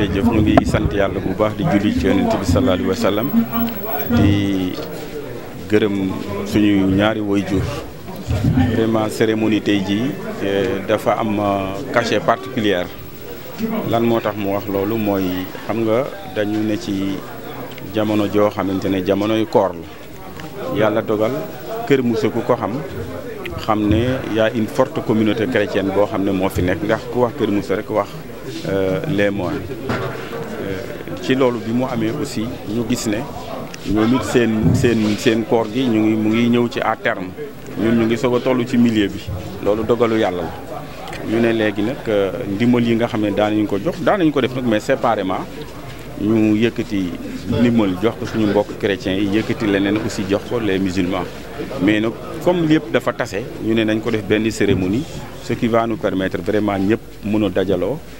jërëjëf ñu ngi sant yàlla bu baax di julli ci yonent bi sallallahu sallam di gërëm suñuy ñaari woy waajur vraiment cérémonie tey jii eh, dafa am euh, cachet particulier lan moo tax mu wax loolu mooy xam nga dañu ne ci jamono joo xamante ne jamonoy koor la yàlla dogal kër Moussa ku ko xam xam ne y a une forte communauté chrétienne boo xam ne moo fi nekk ndax ku wax kër Moussa rek wax Euh, les mois. Euh, ci loolu bi mu aussi ñu gis nous sommes à terme nous ñu ngi milieu bi Nous dogalu ñu né nous nak yi nga ko jox ko def mais séparément ñu yëkëti jox ko suñu mbokk chrétiens yi yëkëti leneen aussi jox les musulmans mais comme dafa tassé ñu né nañ ko cérémonie ce qui va nous permettre vraiment ñëpp mëno dajalo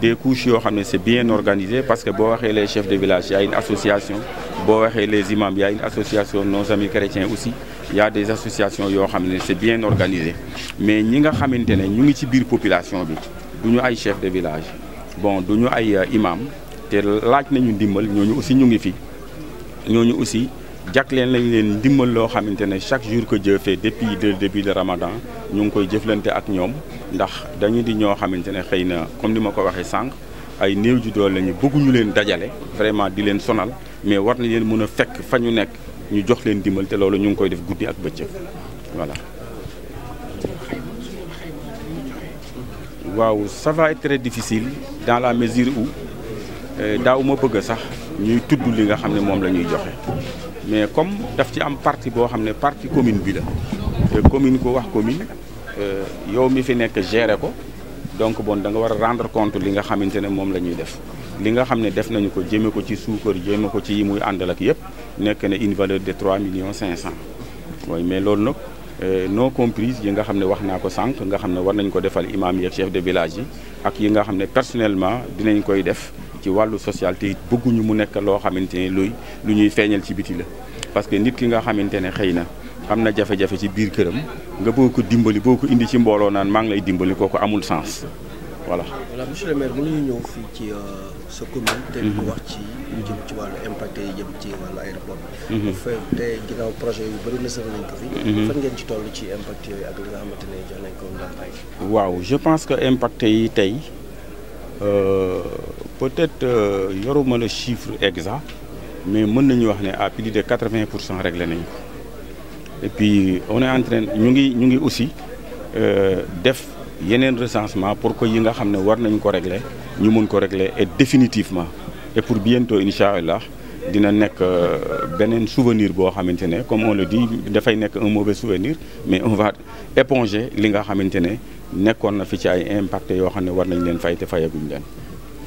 des couches c'est bien organisé parce que les chefs de village il y a une association les imams il y a une association nos amis chrétiens aussi Il y a des associations c'est bien organisé mais nous, nga des gens ñu population Nous avons des chefs chef de village bon du des ay Nous euh, sommes laaj aussi ñu ngi aussi jagleen lañ leen ndimbal loo xamante ne chaque jour que Dieu fait depuis le début de Ramadan ñu ngi koy jëflante ak ñoom ndax dañu di ñoo xamante ne xëy na comme ni ma ko waxee sànq ay néew ju doole lañu bëgguñu leen dajale vraiment di leen sonal mais war na leen mën a fekk fa ñu nekk ñu jox leen dimbal te loolu ñu ngi koy def guddi ak bëccëg voilà. waaw ça va être très difficile dans la mesure où euh, daaw ma bëgg sax ñuy tudd li nga xam ne moom la ñuy joxe mais comme daf ci am parti bo xamné parti commune bi la commune ko wax commune euh, yow mi fi nek gérer ko donc bon da nga war rendre compte li nga xamante ne moom la def li nga xamné def nañu ko jëme ko ci suukar jëme ko ci yi muy àndal ak yépp nek na une valeur de trois millions cinq cent mooy mais loolu nag euh, non comprise yi nga xamné wax na ko sank nga xamné war nañ ko defal imam yi chef de village yi ak yi nga xamné personnellement dinañ koy def ci walu social te it bëgguñu mu nekk loo xamante ne luy lu ñuy feeñal ci biti la parce que nit ki nga xamante ne xëy na am na jafe-jafe ci biir këram nga boo ko dimbali boo ko indi ci mbooloo naan maa ngi lay dimbali kooku amul sens voilà. voilà monsieur le maire bu ñuy ñëw fii ci euh, sa commune. Mhm. te ñu wax ci lu jëm ci wàllu impact yi jëm ci wàllu aéroport bi. bu mhm. te ginnaaw projet yu bëri na nañ ko fi. Mhm. fan ngeen ci toll ci impact yooyu ak li nga xamante ne jox nañ ko waaw je pense que impact yi tey. Euh, peut-être pas euh, le chiffre exact mais on nañu wax à plus de 80% réglé et puis on est en train nous aussi, de faire aussi recensement pour que nous puissions nous régler nous puissions ko régler et définitivement et pour bientôt Inch'Allah, il dina un euh, souvenir comme on le dit dafay nekk un mauvais souvenir mais on va éponger ce que nous avons fait, nous fi ci ay impacté et qui ne war nañ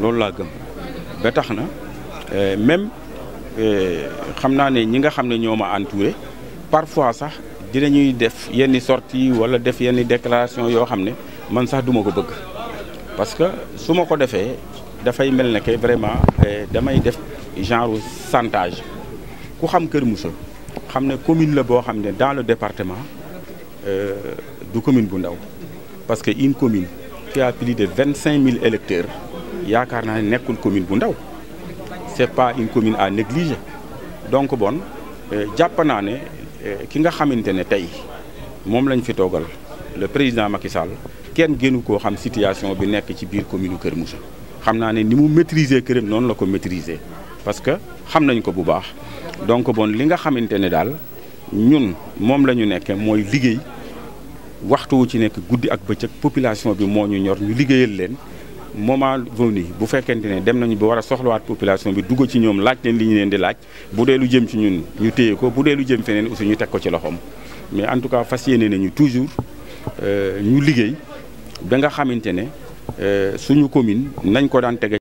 C'est euh, ce Même si euh, nous entouré, parfois, ils ont des sorties ou des déclarations. Je ne pas. Parce que si je le fais, je fais que vraiment un euh, genre de santage. Si je ne sais pas, la commune dans le département, euh, de commune Parce qu'une commune qui a plus de 25 000 électeurs, yaakaar naa nekkul commune bu ndaw c'est pas une commune à négliger donc bon euh, jàpp naa ne euh, ki nga xamante ne tey moom lañ fi toogal le président Macky Sall kenn gënu koo xam situation bi nekk ci biir commune Kër Moussa xam naa ne ni mu maîtriser këram noonu la ko maîtriser parce que xam nañ ko bu baax donc bon li nga xamante ne daal ñun moom la ñu nekkee mooy liggéey waxtu wu ci nekk guddi ak bëccëg population bi moo ñu ñor ñu liggéeyal leen moment venu bu fekkente ne dem nañu ba war soxlawaat population bi dugg ci ñoom laaj leen li ñu leen di laaj bu dee lu jëm ci ñun ñu téye ko bu dee lu jëm feneen aussi ñu teg ko ci loxoom mais en tout cas fas yéene nañu toujours euh, ñu liggéey ba nga xamante ne euh, suñu commune nañ ko daan tege